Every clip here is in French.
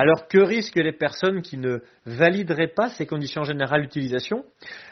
Alors que risquent les personnes qui ne valideraient pas ces conditions générales d'utilisation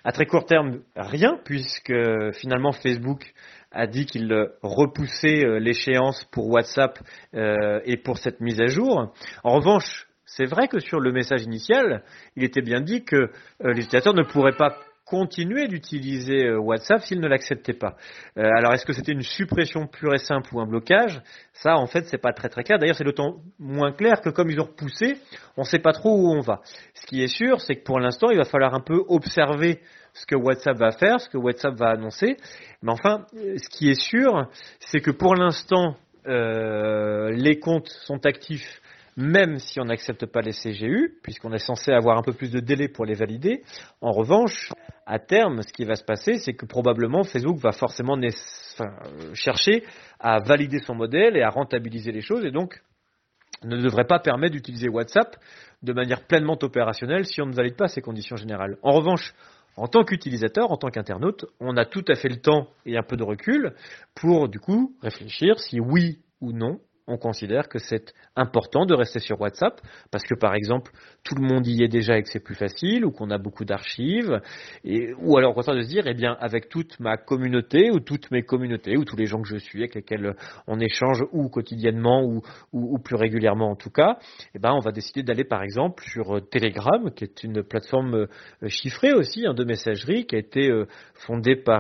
À très court terme, rien, puisque finalement Facebook a dit qu'il repoussait euh, l'échéance pour WhatsApp euh, et pour cette mise à jour. En revanche, c'est vrai que sur le message initial, il était bien dit que euh, les utilisateurs ne pourraient pas continuer d'utiliser euh, WhatsApp s'il ne l'acceptait pas. Euh, alors est-ce que c'était une suppression pure et simple ou un blocage Ça en fait c'est pas très très clair. D'ailleurs c'est d'autant moins clair que comme ils ont repoussé, on sait pas trop où on va. Ce qui est sûr c'est que pour l'instant il va falloir un peu observer ce que WhatsApp va faire, ce que WhatsApp va annoncer. Mais enfin euh, ce qui est sûr c'est que pour l'instant les comptes sont actifs même si on n'accepte pas les CGU, puisqu'on est censé avoir un peu plus de délai pour les valider. En revanche, à terme, ce qui va se passer, c'est que probablement Facebook va forcément euh, chercher à valider son modèle et à rentabiliser les choses, et donc ne devrait pas permettre d'utiliser WhatsApp de manière pleinement opérationnelle si on ne valide pas ces conditions générales. En revanche, en tant qu'utilisateur, en tant qu'internaute, on a tout à fait le temps et un peu de recul pour, du coup, réfléchir si oui ou non on considère que c'est important de rester sur WhatsApp parce que par exemple tout le monde y est déjà et que c'est plus facile ou qu'on a beaucoup d'archives et ou alors on contraire de se dire eh bien avec toute ma communauté ou toutes mes communautés ou tous les gens que je suis avec lesquels on échange ou quotidiennement ou, ou, plus régulièrement en tout cas eh ben on va décider d'aller par exemple sur euh, Telegram qui est une plateforme euh, chiffrée aussi hein, de messagerie qui a été euh, fondée par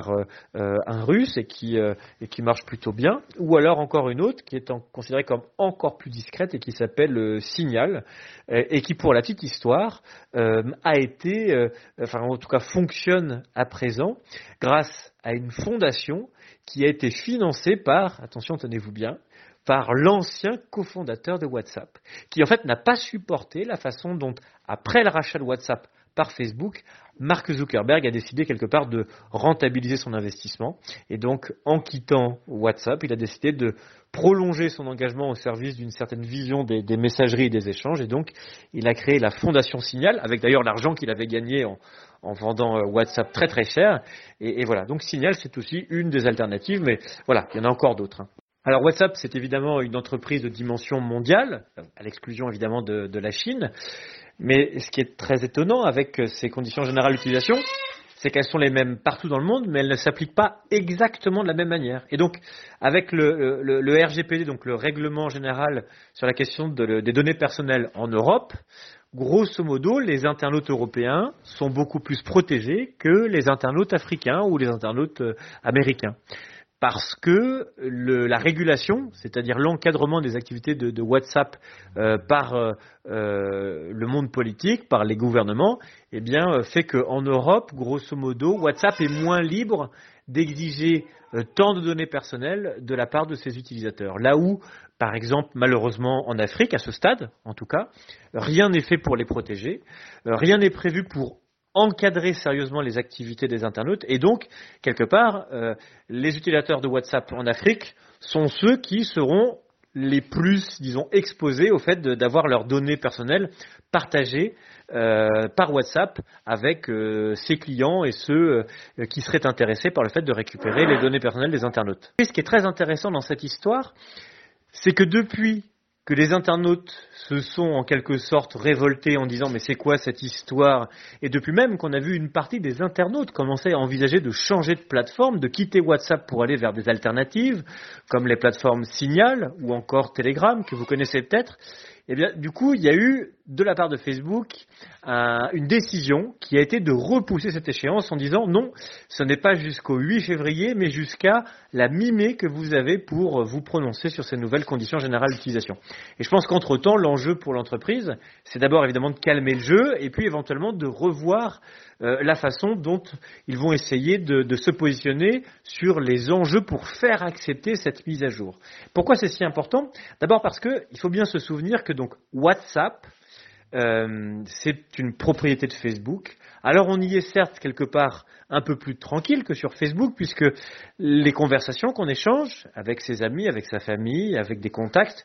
un russe et qui et qui marche plutôt bien ou alors encore une autre qui est en considération comme encore plus discrète et qui s'appelle euh, Signal, euh, et qui pour la petite histoire euh, a été, enfin en tout cas fonctionne à présent grâce à une fondation qui a été financée par, attention tenez-vous bien, par l'ancien cofondateur de WhatsApp, qui en fait n'a pas supporté la façon dont, après le rachat de WhatsApp par Facebook, Mark Zuckerberg a décidé quelque part de rentabiliser son investissement. Et donc, en quittant WhatsApp, il a décidé de prolonger son engagement au service d'une certaine vision des, messageries et des échanges. Et donc, il a créé la Fondation Signal, avec d'ailleurs l'argent qu'il avait gagné en, vendant euh, WhatsApp très très cher. Et, voilà, donc Signal, c'est aussi une des alternatives, mais voilà, il y en a encore d'autres. Hein. Alors WhatsApp, c'est évidemment une entreprise de dimension mondiale, à l'exclusion évidemment de, la Chine, mais ce qui est très étonnant avec euh, ces conditions générales d'utilisation, c'est qu'elles sont les mêmes partout dans le monde, mais elles ne s'appliquent pas exactement de la même manière. Et donc, avec le, euh, RGPD, donc le règlement général sur la question des données personnelles en Europe, grosso modo, les internautes européens sont beaucoup plus protégés que les internautes africains ou les internautes euh, américains parce que la régulation, c'est-à-dire l'encadrement des activités de, WhatsApp euh, par euh, euh, le monde politique, par les gouvernements, eh bien, fait qu'en Europe, grosso modo, WhatsApp est moins libre d'exiger tant de données personnelles de la part de ses utilisateurs. Là où, par exemple, malheureusement en Afrique, à ce stade en tout cas, rien n'est fait pour les protéger, rien n'est prévu pour encadrer sérieusement les activités des internautes. Et donc, quelque part, euh, les utilisateurs de WhatsApp en Afrique sont ceux qui seront les plus, disons, exposés au fait d'avoir leurs données personnelles partagées euh, par WhatsApp avec euh, ses clients et ceux qui seraient intéressés par le fait de récupérer les données personnelles des internautes. Et ce qui est très intéressant dans cette histoire, c'est que depuis que les internautes se sont en quelque sorte révoltés en disant mais c'est quoi cette histoire Et depuis même qu'on a vu une partie des internautes commencer à envisager de changer de plateforme, de quitter WhatsApp pour aller vers des alternatives, comme les plateformes Signal ou encore Telegram que vous connaissez peut-être, eh bien du coup il y a eu de la part de Facebook une décision qui a été de repousser cette échéance en disant non, ce n'est pas jusqu'au 8 février, mais jusqu'à la mi-mai que vous avez pour vous prononcer sur ces nouvelles conditions générales d'utilisation. Et je pense qu'entre-temps, l'enjeu pour l'entreprise, c'est d'abord évidemment de calmer le jeu et puis éventuellement de revoir euh, la façon dont ils vont essayer de, de se positionner sur les enjeux pour faire accepter cette mise à jour. Pourquoi c'est si important D'abord parce qu'il faut bien se souvenir que donc WhatsApp, euh, c'est une propriété de Facebook. Alors on y est certes quelque part un peu plus tranquille que sur Facebook, puisque les conversations qu'on échange avec ses amis, avec sa famille, avec des contacts,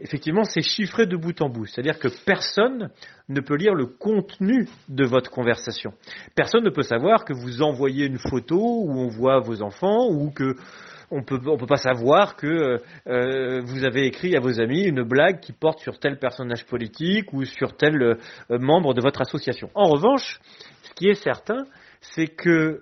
effectivement, c'est chiffré de bout en bout. C'est-à-dire que personne ne peut lire le contenu de votre conversation. Personne ne peut savoir que vous envoyez une photo où on voit vos enfants ou que on peut, on peut pas savoir que euh, euh, vous avez écrit à vos amis une blague qui porte sur tel personnage politique ou sur tel euh, membre de votre association. En revanche, ce qui est certain, c'est que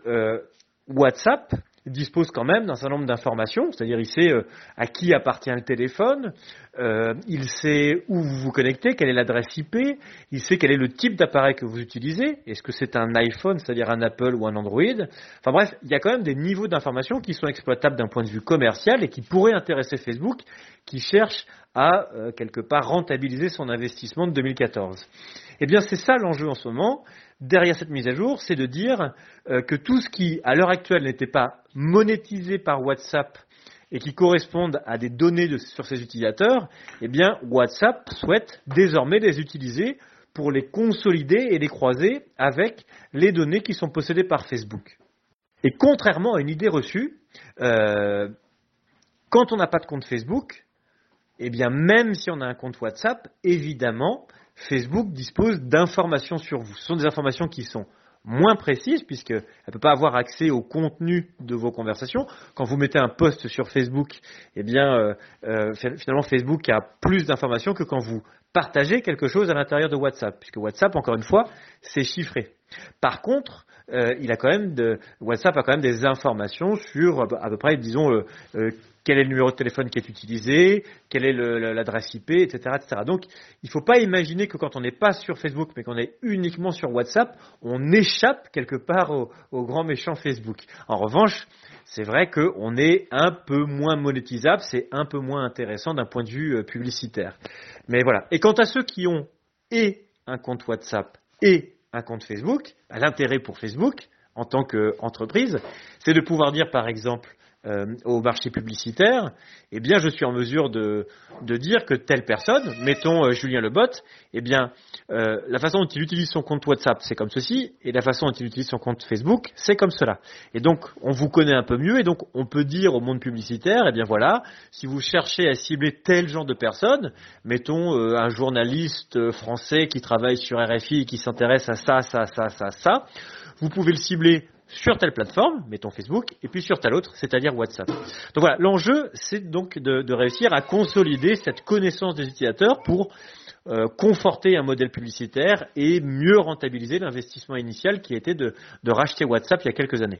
WhatsApp dispose quand même d'un certain nombre d'informations, c'est-à-dire il sait à qui appartient le téléphone, euh, il sait où vous vous connectez, quelle est l'adresse IP, il sait quel est le type d'appareil que vous utilisez, est-ce que c'est un iPhone, c'est-à-dire un Apple ou un Android. Enfin bref, il y a quand même des niveaux d'informations qui sont exploitables d'un point de vue commercial et qui pourraient intéresser Facebook, qui cherche à euh, quelque part rentabiliser son investissement de 2014. Eh bien, c'est ça l'enjeu en ce moment. Derrière cette mise à jour, c'est de dire euh, que tout ce qui, à l'heure actuelle, n'était pas monétisé par WhatsApp et qui correspondent à des données sur ces utilisateurs, eh bien WhatsApp souhaite désormais les utiliser pour les consolider et les croiser avec les données qui sont possédées par Facebook. Et contrairement à une idée reçue, euh, quand on n'a pas de compte Facebook, eh bien même si on a un compte WhatsApp, évidemment, Facebook dispose d'informations sur vous. Ce sont des informations qui sont moins précise, puisqu'elle ne peut pas avoir accès au contenu de vos conversations. Quand vous mettez un post sur Facebook, eh bien, euh, euh, finalement, Facebook a plus d'informations que quand vous partagez quelque chose à l'intérieur de WhatsApp, puisque WhatsApp, encore une fois, c'est chiffré. Par contre, euh, il a quand même de, WhatsApp a quand même des informations sur euh, à peu près, disons, euh, quel est le numéro de téléphone qui est utilisé, quelle est l'adresse IP, etc., etc. Donc, il ne faut pas imaginer que quand on n'est pas sur Facebook, mais qu'on est uniquement sur WhatsApp, on échappe quelque part au, grands grand méchant Facebook. En revanche, c'est vrai qu'on est un peu moins monétisable, c'est un peu moins intéressant d'un point de vue publicitaire. Mais voilà. Et quant à ceux qui ont et un compte WhatsApp et un compte Facebook, l'intérêt pour Facebook en tant qu'entreprise, c'est de pouvoir dire par exemple euh, au marché publicitaire, eh bien, je suis en mesure de, de dire que telle personne, mettons euh, Julien Lebot, eh bien, euh, la façon dont il utilise son compte WhatsApp, c'est comme ceci, et la façon dont il utilise son compte Facebook, c'est comme cela. Et donc, on vous connaît un peu mieux, et donc, on peut dire au monde publicitaire, eh bien voilà, si vous cherchez à cibler tel genre de personne, mettons un journaliste français qui travaille sur RFI et qui s'intéresse à ça, ça, ça, ça, ça, vous pouvez le cibler sur telle plateforme, mettons Facebook, et puis sur telle autre, c'est-à-dire WhatsApp. Donc voilà, l'enjeu, c'est donc de, réussir à consolider cette connaissance des utilisateurs pour euh, conforter un modèle publicitaire et mieux rentabiliser l'investissement initial qui était été de racheter WhatsApp il y a quelques années.